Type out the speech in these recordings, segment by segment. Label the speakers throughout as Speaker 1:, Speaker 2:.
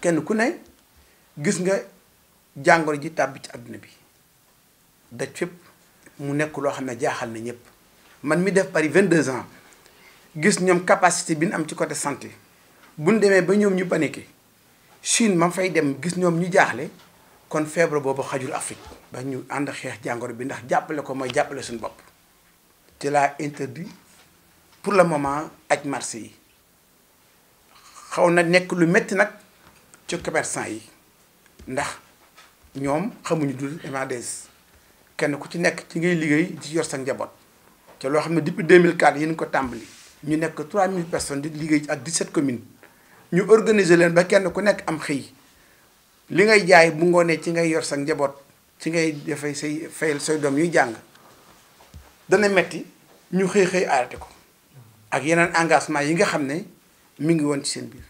Speaker 1: kenn ku ne gis nga jàngoro ji tàbbi ci bi daj fépp mu nekk loo xam ne na ñëpp man mi def Paris 22 ans gis ñoom capacité bi am ci santé bu ñu ba ñoom ñu paniqué Chine ma fay dem gis ñoom ñu jaaxle kon boobu xajul Afrique. ba ñu ànd xeex jàngoro bi ndax jàppale ko interdit pour le moment avec Marseille. lu ci commerçant yi ndax ñoom xamuñu du ma des kenn ku ci nekk ci ngay liggéey ci yor sa njaboot te loo xam ne depuis 2004 yéen ko tàmbali ñu nekk 3000 personnes di liggéey ak 17 communes ñu organiser leen ba kenn ku nekk am xëy li ngay jaay bu ngoonee ci ngay yor sa njaboot ci ngay defay say fayal say doom yuy jàng dana metti ñu xëy xëy arrêté ko ak yeneen engagement yi nga xam ne mu ngi woon ci seen biir.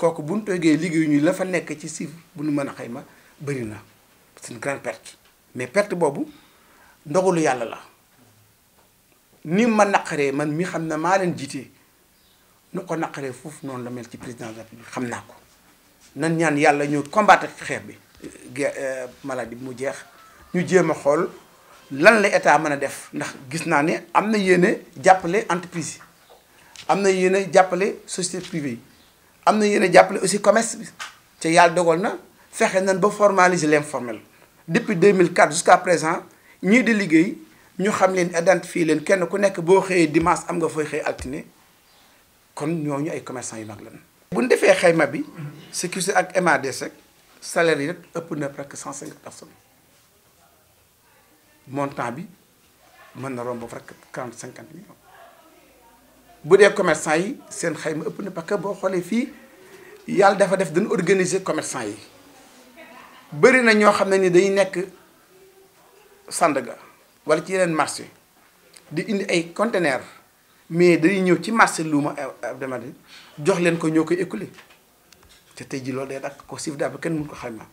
Speaker 1: kooku bu ñu toogee liggéey ñu la fa nekk ci chiffre bu nu mën a xayma bëri na c'est une perte mais perte boobu ndogalu yàlla la ni ma naqaree man mi xam na maa leen jiite nu ko naqaree foofu noonu la mel ci président de la xam naa ko nan ñaan yàlla ñu combattre xeex bi euh, maladie bi mu jeex ñu jéem a xool lan la état mën a def ndax gis naa ne am na yéene jàppale entreprise yi am na yéene jàppale société privée yi am na jappale aussi commerce bi te yàlla dogal na fexe nañ ba formaliser l'informel depuis 2004 jusqu'à présent ñi di liggéey ñu xam leen identifier leen kenn ku nekk bo xeye dimanche am nga fay xey altine kon ñoñu ay commerçants yu mag lañ. bu ñu defee xayma bi sécurité ak MADS rek salaire yi ëpp na presque 150 personnes montant bi mën na romb presque 40 50 millions. bu dee commerçant yi seen xayma ëpp na parce que boo xoolee fii yàlla dafa def danu organiser commerçant yi bëri na ñoo xam ne ni dañuy nekk Sandaga wala ci yeneen marché di indi ay conteneur mais dañuy ñëw ci marché luuma hebdomadaire euh, euh, jox leen ko ñoo koy écoulé te tey ji loolu day dakk ko chiffre d'affaires kenn mun ko xayma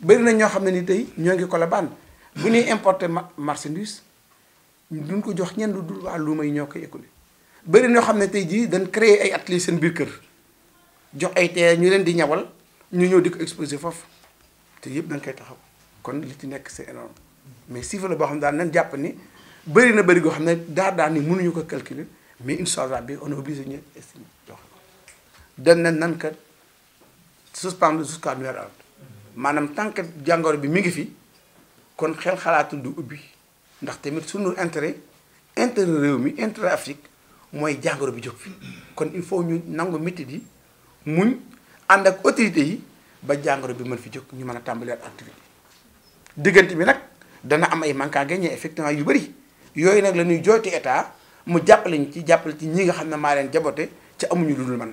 Speaker 1: bëri na ñoo xam ne ni tey ñoo ngi Colobane bu nuy ñuy importer marchandise duñ ko jox ñenn lu dul waa luuma yi ñoo koy écoulé bëri ñoo xam ne tey jii dañ créer ay atelier seen biir kër jox ay tee ñu leen di ñawal ñu ñëw di ko exposé foofu te yëpp dañ koy taxaw kon li ci nekk si énorme mais chiffre boo xam ne daal nañ jàpp ni bëri na bëri goo xam ne daar daan ni mënuñu ko calculer mais incha allah bi on est ñu estimer jox dañ ne nan kat suspendre jusqu'à nouvel maanaam tant jàngoro bi mi ngi fi kon xel xalaatul du ubbi ndax tamit sunu intérêt intérêt réew mi intérêt Afrique mooy jàngoro bi jóg fi kon il faut ñu nangu métti yi muñ ànd ak autorité yi ba jàngoro bi mën fi jóg ñu mën a tàmbaliwaat activité diggante bi nag dana am ay manque à gagner yu bëri yooyu nag la ñuy jooytu état mu jàppale ñu ci jàppale ci ñi nga xam ne maa leen jabote ci amuñu lu dul man